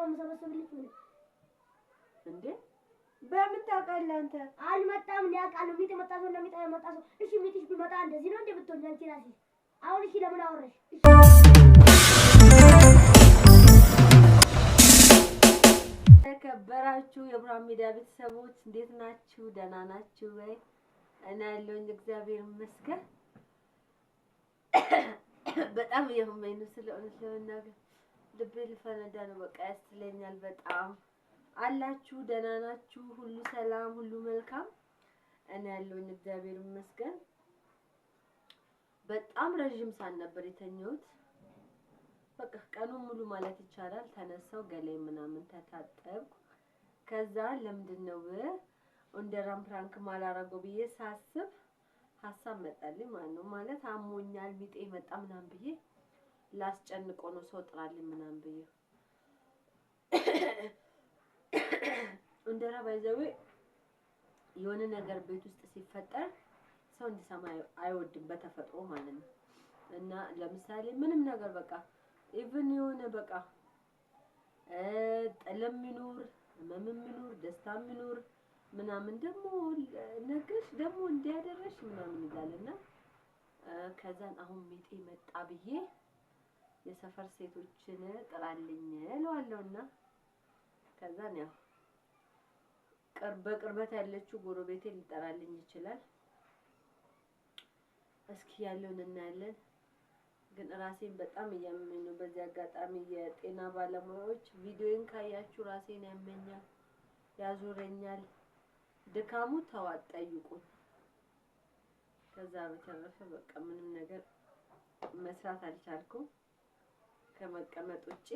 ተስፋም ሰበሰብልኝ ምን እንዴ? በምን ታውቃለህ አንተ? አልመጣም እኔ አውቃለሁ። ሚጥ መጣ ሰው ለሚጥ መጣ ሰው። እሺ ሚጥሽ ቢመጣ እንደዚህ ነው እንደ ብትሆን አንቺ እራስሽ አሁን። እሺ ለምን አወራሽ? የተከበራችሁ የብርሃን ሚዲያ ቤተሰቦች እንዴት ናችሁ? ደህና ናችሁ ወይ? እና ያለውን እግዚአብሔር ይመስገን። በጣም እያመመኝ ነው ስለሆነ ስለሆነ ልቤ ልፈነዳ ነው። በቃ ያስለኛል በጣም አላችሁ። ደህና ናችሁ? ሁሉ ሰላም፣ ሁሉ መልካም። እኔ ያለውኝ እግዚአብሔር ይመስገን። በጣም ረዥም ሰዓት ነበር የተኛሁት። በቃ ቀኑን ሙሉ ማለት ይቻላል። ተነሳው ገላይ ምናምን ተታጠብኩ። ከዛ ለምንድን ነው እንደ ራምፕራንክ ማላረገው ብዬ ሳስብ ሀሳብ መጣልኝ ማለት ነው። ማለት አሞኛል ሚጤ መጣ ምናምን ብዬ ላስጨንቆ ነው ሰው ጥራልኝ ምናምን ብዬ እንደራ ባይዘዌ የሆነ ነገር ቤት ውስጥ ሲፈጠር ሰው እንዲሰማ አይወድም በተፈጥሮ ማለት ነው። እና ለምሳሌ ምንም ነገር በቃ ኢቭን የሆነ በቃ ጠለም ይኑር ህመምም ይኑር ደስታም ይኑር ምናምን ደግሞ ነገርሽ ደግሞ እንዲያደረሽ ምናምን ይላል እና ከዛን አሁን ሚጤ መጣ ብዬ የሰፈር ሴቶችን ጥራልኝ እና ከዛን ያው ቅርበት ያለችው ጎረቤቴ ሊጠራልኝ ይችላል። እስኪ ያለውን እናያለን። ግን ራሴን በጣም እያመመኝ ነው። በዚህ አጋጣሚ የጤና ባለሙያዎች ቪዲዮን ካያችሁ ራሴን ያመኛል፣ ያዞረኛል፣ ድካሙ ተዋት ከዛ በተረፈ በቃ ምንም ነገር መስራት አልቻልኩም። ከመቀመጥ ውጪ።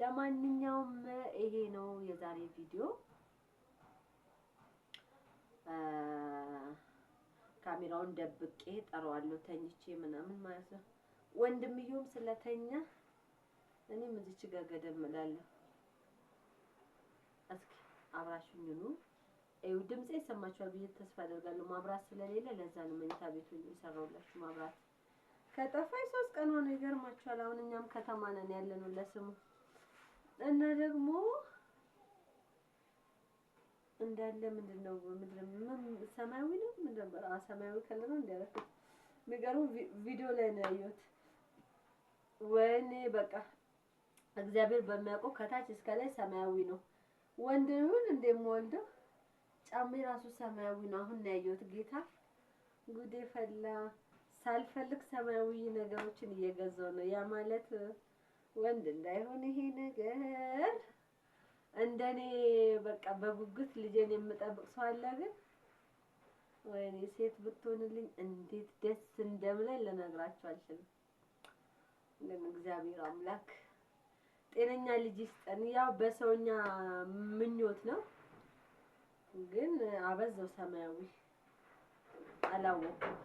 ለማንኛውም ይሄ ነው የዛሬ ቪዲዮ። ካሜራውን ደብቄ ጠራዋለሁ ተኝቼ ምናምን ማለት ነው። ወንድምየውም ስለተኛ እኔም እዚች ጋር ገደም እላለሁ። እስኪ አብራችሁኝ ኑ። ይኸው ድምጼ ይሰማችኋል ብዬ ተስፋ አደርጋለሁ። ማብራት ስለሌለ ለዛ ነው መኝታ ቤቱን የሰራሁላችሁ ማብራት ከጠፋኝ ሶስት ቀን ሆነ። ይገርማችኋል። አሁን እኛም ከተማ ነን ያለነው ለስሙ እና ደግሞ እንዳለ ምንድን ነው ሰማያዊ ነው ምን ነበር? ሰማያዊ ከለር ነው እንዲያረፍ የሚገርም ቪዲዮ ላይ ነው ያየሁት። ወይኔ በቃ እግዚአብሔር በሚያውቀው ከታች እስከ ላይ ሰማያዊ ነው። ወንድ ይሁን እንደምወልደው ጫሜ ራሱ ሰማያዊ ነው። አሁን ነው ያየሁት። ጌታ ጉዴ ፈላ። ሳልፈልግ ሰማያዊ ነገሮችን እየገዛው ነው። ያ ማለት ወንድ እንዳይሆን ይሄ ነገር እንደኔ በቃ በጉጉት ልጄን የምጠብቅ ሰው አለ። ግን ወይኔ ሴት ብትሆንልኝ እንዴት ደስ እንደምለኝ ልነግራችሁ አልችልም። ግን እግዚአብሔር አምላክ ጤነኛ ልጅ ይስጠን። ያው በሰውኛ ምኞት ነው፣ ግን አበዛው። ሰማያዊ አላወኩም።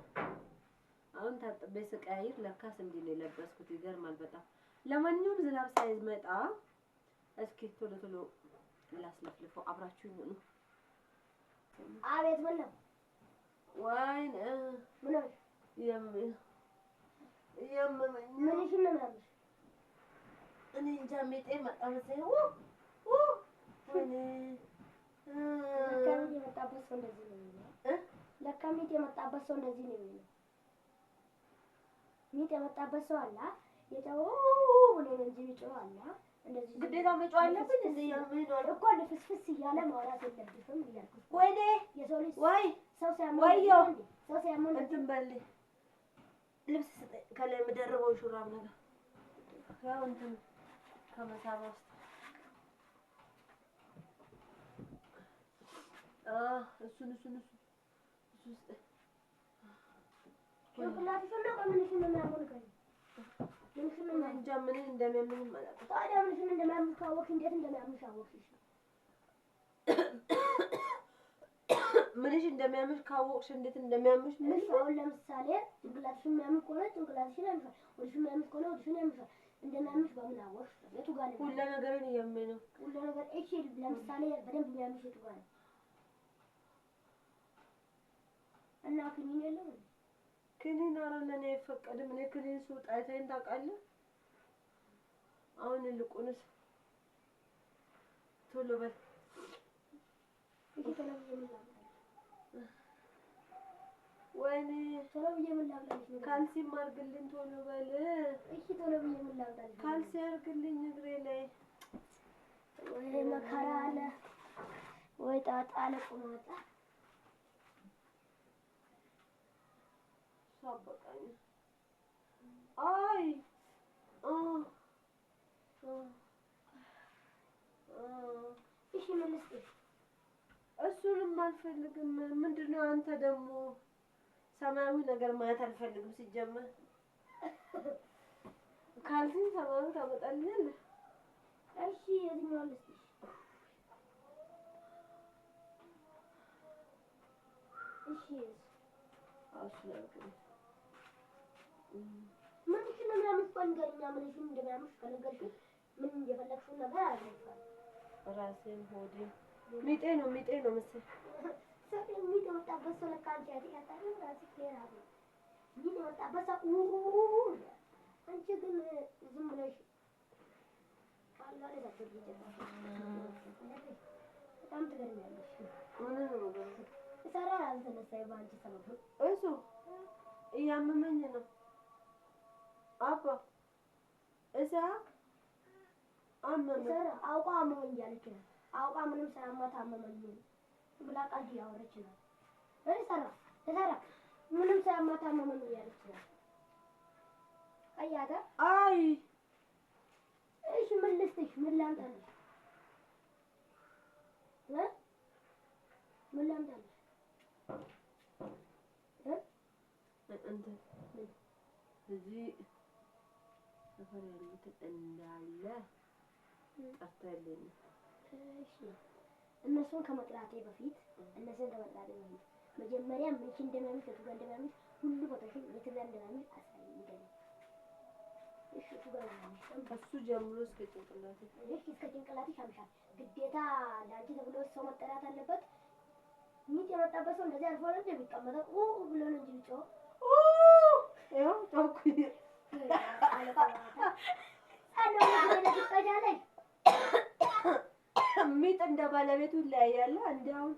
አሁን ታጥቤ ስቀያይር ለካስ እንዲህ ነው የለበስኩት። ይገርማል በጣም ለማንኛውም ዝናብ ሳይመጣ እስኪ ቶሎ ቶሎ ላስለፍልፈው። አብራችሁ ይሆኑ። አቤት ምን ወይን ምን የም የም ምን እኔ እንጃ ሜጤ መጣ መሰለኝ። ኡ ኡ ነው ሰው እንደዚህ ነው የሚለው ሚጥ የመጣበት ሰው አለ። የጨው ነው እንጂ አለ። እንደዚህ ግዴታ መጮህ አለብን እኮ ልፍስፍስ እያለ ማውራት የለብትም እያልኩት። ወይኔ የሰው ልጅ ወይ ሰው ሲያመው ሰው ሲያመው እንትን በል ልብስ ስጠኝ ከላይ የምደርበው ሹራብ ነገር ያው እንትን ከመሳብ ውስጥ እሱን እሱን እሱን እሱን ስጠኝ እንጃ እንደሚያምሽ ካወቅሽ እንዴት እንደሚያምሽ ምንሽ እንዴት ምን አሁን ለምሳሌ ጭንቅላትሽ የሚያምሽ ከሆነ ጭንቅላትሽን ያምሻል፣ ወዲሽ የሚያምሽ ከሆነ ወዲሽን ያምሻል። እንደሚያምሽ በምን አወቅሽ? የቱ ጋር ነው? ሁሉ ነገር ነው የሚያምነው ሁሉ ነገር እሺ፣ ለምሳሌ በደንብ የሚያምሽ የቱ ጋር ነው? እና ክኒን የለም ክኒን ኧረ አይፈቀድም። እኔ ክኒን ስውጥ አይተኸኝ ታውቃለህ? አሁን ይልቁንስ ቶሎ በል አድርግልኝ፣ ቶሎ በል ካልሲ አድርግልኝ እግሬ ላይ ወይ መከራ አለ ወይ ጣጣ አለ ቁማጣ ሳበቃኝ አይ እሺ መልስቲ እሱንም አልፈልግም። ምንድነው አንተ ደግሞ ሰማያዊ ነገር ማየት አልፈልግም። ሲጀመር ካልሲን ሰማያዊ ታመጣልኛለህ። እሺ የትኛው ልስጥሽ? እሺ እሱ ምን እሺ ነው የሚያምስቀው ንገሪኛ። ምን እሺ ከነገርሽኝ ምን እንደፈለግሽው ነገር አድርገሻል። ራሴን ሆዴ ሚጤ ነው ሚጤ ነው መሰለኝ። ሰው ሚጤ ወጣበት ሰው ለካ አንቺ ያታለ ነው። በጣም ትገርሚያለሽ። እሰራ ያልተነሳይ እያመመኝ ነው አባ እዛ አመመኝ አውቃ አመመኝ እያለች ነው። አውቃ ምንም ሳያማት አመመኝ ብላ ቃል እያወራች ነው። ሰራ ሰራ ምንም ሳያማት አመመኝ እያለች ነው። አያታ አይ እሺ ምን ልስጥሽ? ምን ላምጣልሽ? ምን ላምጣልሽ? እዚህ ሰፈር ያሉትን እንዳለ ጠፍተልኝ እነሱን ከመጥላቴ በፊት እነሱን ከመጥላቴ በፊት መጀመሪያ መቼ እንደሚያምሽ ከቱ ጋር እንደሚያምሽ ሁሉ ቦታሽን የት ጋር እንደሚያምሽ አሳይ። እሱ ጀምሮ እስከ ጭንቅላትሽ ልክ እስከ ጭንቅላትሽ ያምሻል። ግዴታ ለአንቺ ተብሎ ሰው መጠራት አለበት። ሚጥ የመጣበት ሰው እንደዚህ አልፎ ነው የሚቀመጠው ብሎ ነው እንጂ ልጮ ይኸው ጫውኩ ሚጥ እንደ ባለቤቱ ይለያያል። እንደ አሁን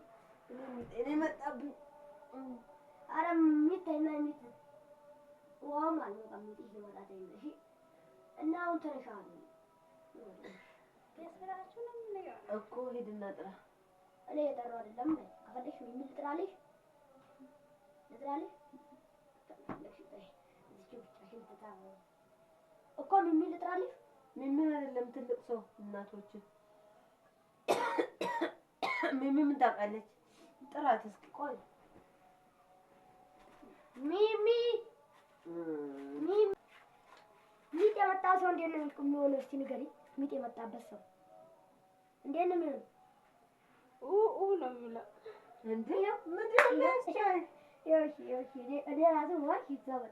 እኔ መጣብኝ። ኧረ ሚጥ ሚጥ ውሃውም አልመጣም እና አሁን ተነሻለሁ እኮ ሂድና ጥራ። እኔ የጠራሁ አይደለም። ከፈለግሽ የሚል ጥራልሽ ራስሽን በጣም እኮ ሚሚ ልጥራልሽ። ሚሚ አይደለም ትልቅ ሰው እናቶችን ሚሚ ምን ታውቃለች? ጥራት እስኪ ቆይ ሚሚ ሚጥ የመጣ ሰው እንዴት ነው የሚሆነው? እስኪ ንገሪ። ሚጥ የመጣበት ሰው እንዴት ነው የሚሆነው? ነው የሚለው እንዴ? ምንድን ነው? እኔ ራሱ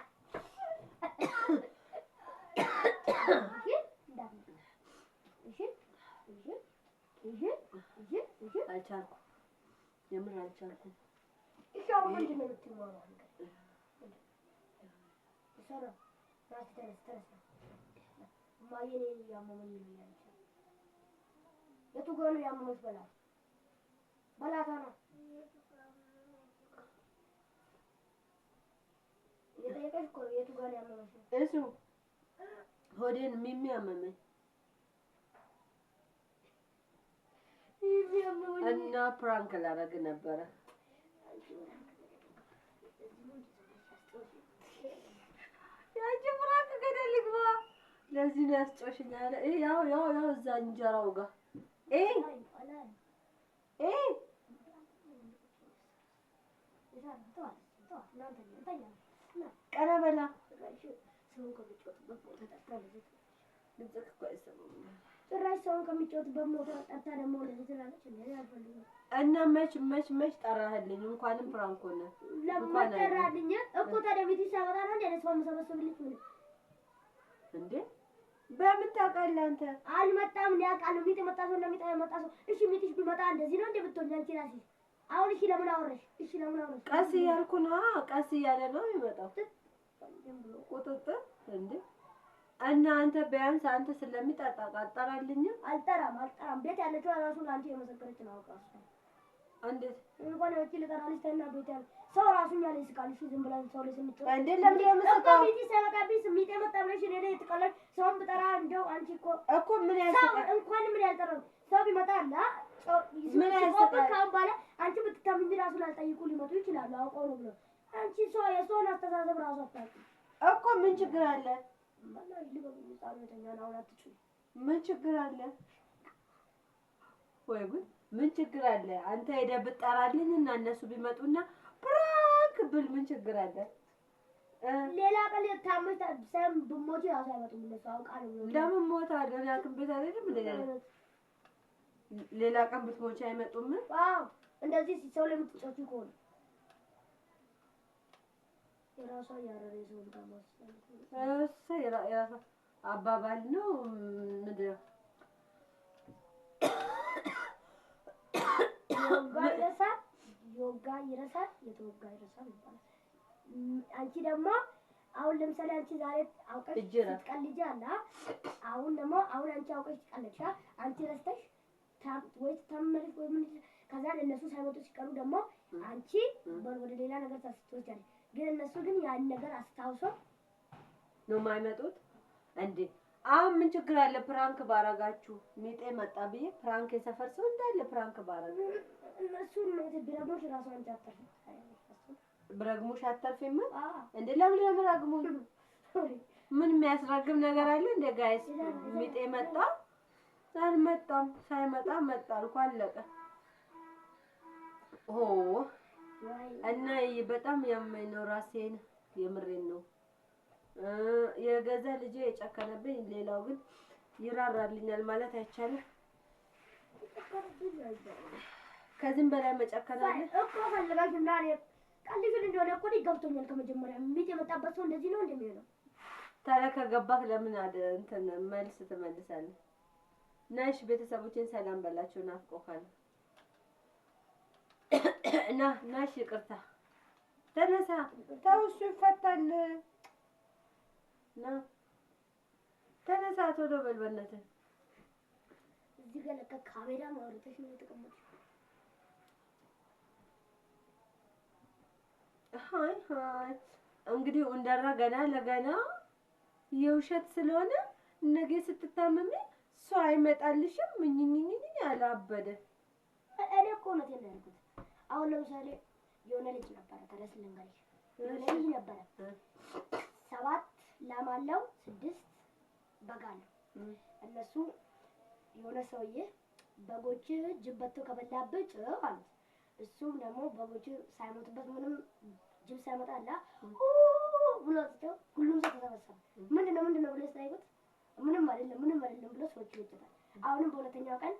አልቻልኩም፣ የምር አልቻልኩም። የቱ ጋር ነው ያመመሽ? በላት በላታ ነው እሱ ሆዴን የሚያመመኝ እና ፕራንክ ላደርግ ነበረ። ያቺ ፕራንክ ገደል ልግባ። ለዚህ ነው ያስጮሽኝ አለ። ያው ያው ያው እዛ እንጀራው ጋር እ ቀረበላ ሰውን ከሚጫወትበት ቦታ ጠርታ ድምፅህ እኮ አይሰማም። ጭራሽ ሰውን ከሚጫወትበት ቦታ ጠርታ ደግሞ እንደዚህ ትላለች። እና መች መች መች ጠራህልኝ? እንኳንም ፍራንኮ ነህ ለምን ጠራህልኝ እኮ ታዲያ ቤት ይሳበራ ነው እንዴ? ሰው መሰበሰብልኝ ምን እንዴ በምን ታውቃለህ አንተ? አልመጣም ነው ያውቃለሁ። ሚጥ መጣ ሰው እንደሚጣ መጣ ሰው። እሺ ሚጥሽ ቢመጣ እንደዚህ ነው እንዴ ብትሆን ያልኪ ራሴ አሁን እሺ፣ ለምን አወራሽ? እሺ፣ ለምን አወራሽ? ቀስ እያልኩ ነዋ። ቀስ እያለ ነው የሚመጣው ቁጥጥር እንደ እናንተ ቢያንስ አንተ ስለሚጠጣ አልጠራልኝም። አልጠራም አልጠራም። ቤት ያለችው እራሱ ለአንቺ የመሰከረች ነው። እንዴት እንኳን ያቺ ልጠራልሽ ተናዶች አለ ሰው ራሱ እኛ ላይ ስቃል። እሺ ዝም ብለን ሰው ላይ ስንጫወት እንዴት ለምን የምትሰቃው? ቤት ሲያመጣብኝ ስሜት የመጣ ብለሽ እኔ ላይ ትቀለድ። ሰውን ብጠራ እንደው አንቺ እኮ እኮ ምን ያልሰቃ እንኳን ምን ያልጠራ ሰው ቢመጣ አላ ምን ያልሰቃ ካሁን በኋላ አንቺ ብትታምኝ ራሱ ላልጠይቁ ሊመጡ ይችላሉ። አውቀው ነው ብለው አንቺ ሰው የሰውን አስተሳሰብ ራሱ አታውቂ እኮ። ምን ችግር አለ? ምን ችግር አለ? ወይ ጉድ! ምን ችግር አለ? አንተ ሄደህ ብትጠራልኝ እና እነሱ ቢመጡና ብራክ ብል ምን ችግር አለ? ሌላ ቀን ታመሽ ሰም ብሞት አይመጡም እነሱ አውቃለሁ። ለምን ሞት አለ? ቤት አይደለም ሌላ ቀን ብትሞች አይመጡም። አዎ እንደዚህ ሰው ለምትጮቱ ከሆነ የራሷ አባባል ነው። ምንድን ነው የወጋ ይረሳል፣ የወጋ ይረሳል፣ የተወጋ ይረሳል ይባላል። አንቺ ደግሞ አሁን ለምሳሌ አንቺ ዛሬ አውቀሽ ትቀልጂ አለ። አሁን ደግሞ አሁን አንቺ አውቀሽ ትቀልጂ፣ አንቺ ረስተሽ ወይ ትታመመለሽ ወይ ምን፣ ከዛ እነሱ ሳይመጡ ሲቀሩ ደግሞ አንቺ ወደ ሌላ ነገር ታስቶቻለሽ። ግን እነሱ ግን ያን ነገር አስታውሶ ነው የማይመጡት። እንዴ አሁን ምን ችግር አለ? ፕራንክ ባረጋችሁ ሚጤ መጣ ብዬ ፕራንክ የሰፈር ሰው እንዳለ ፕራንክ ባረጋ እነሱ ነው ቢረግሙሽ ራሷን ጃተር ብረግሙሽ አተርፊም እንዴ ለምን ለምን ምን የሚያስረግም ነገር አለ እንደ ጋይስ ሚጤ መጣ አልመጣም። ሳይመጣ መጣ አልኩ አለቀ። ኦ እና በጣም ያመኝ ነው ራሴን፣ የምሬን ነው። የገዛ ልጄ የጨከነብኝ፣ ሌላው ግን ይራራልኛል ማለት አይቻልም። ከዚህም በላይ መጨከን እኮ ከመጀመሪያ ሚት የመጣበት ሰው እንደዚህ ነው እንደሚሆነው ታዲያ ከገባህ ለምን አለ እንትን መልስ ትመልሳለህ። ነሽ ቤተሰቦችን ሰላም በላቸው። ናፍቆካል እና እና ይቅርታ ተነሳ። ተው እሱ ይፈታል። ና ተነሳ፣ ቶሎ በል በእናትህ። እዚህ ጋር ለካ ካሜራ ነው የተቀመጥሽው። አይ አይ እንግዲህ እንደራ ገና ለገና የውሸት ስለሆነ ነገ ስትታመሚ እሱ አይመጣልሽም። ምኝኝኝኝ ያላበደ እኔ እኮ ነው ያልኩት አሁን ለምሳሌ የሆነ ልጅ ነበረ ተረስ ልንገርሽ፣ የሆነ ልጅ ነበረ ሰባት ላም አለው ስድስት በግ አለው። እነሱ የሆነ ሰውዬ በጎች ጅብ በልቶ ከበላብህ ጭ ማለት እሱም ደግሞ በጎች ሳይሞትበት ምንም ጅብ ሳይመጣላ ብሎ ወጥተው ሁሉም ሰው ተሰበሰበ። ምንድን ነው ምንድን ነው ብሎ ሳይጎት ምንም አይደለም ምንም አይደለም ብሎ ሰዎች ይወጣል። አሁንም በሁለተኛው ቀን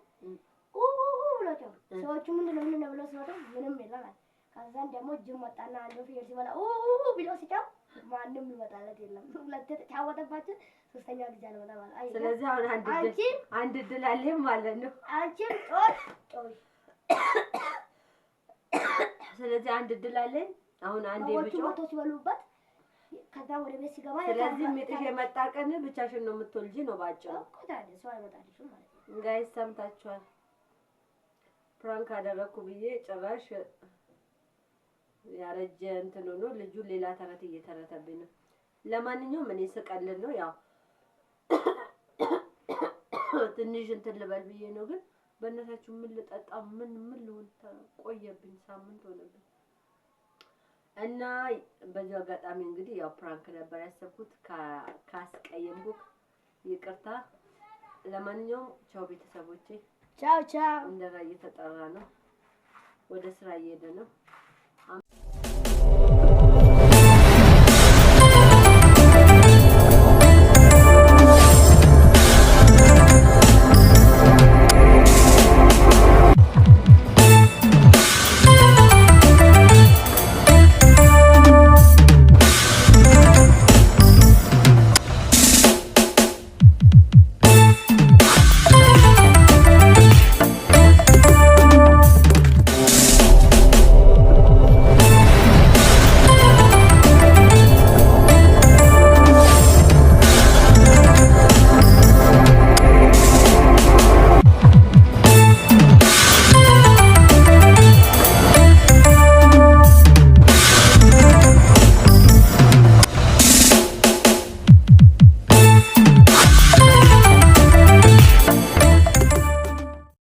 ናቸው። ሰዎቹ ምንድን ነው ምንድን ነው ብለው ምንም ይለናል። ከዛን ደግሞ ጅብ መጣና አንዱ ፍየል ሲበላ ብሎ ሲጫው ማንም ይመጣለት የለም። ተጫወተባችሁ፣ ሶስተኛ ጊዜ ስለዚህ አሁን አንድ ድል አለኝ ማለት ነው። አንቺም ስለዚህ አንድ ድል አለኝ አሁን አንዴ ብጮ ወጥቶ ሲበሉበት ከዛ ወደ ቤት ሲገባ ስለዚህ ምጥሽ የመጣ ቀን ብቻሽን ነው የምትወልጂ ነው ባጭሩ። ጋይስ ሰምታችኋል። ፕራንክ አደረግኩ ብዬ ጭራሽ ያረጀ እንትን ሆኖ ልጁ ሌላ ተረት እየተረተብኝ ነው። ለማንኛውም እኔ ስቀልድ ነው ያው ትንሽ እንትን ልበል ብዬ ነው። ግን በእነታችሁ ምን ልጠጣ ምን ምን ልሆን ቆየብኝ፣ ሳምንት ሆነብኝ እና በዚሁ አጋጣሚ እንግዲህ ያው ፕራንክ ነበር ያሰብኩት። ካስቀየምኩ ይቅርታ። ለማንኛውም ቻው ቤተሰቦቼ፣ ቻው ቻው። እንደራ እየተጠራ ነው፣ ወደ ስራ እየሄደ ነው።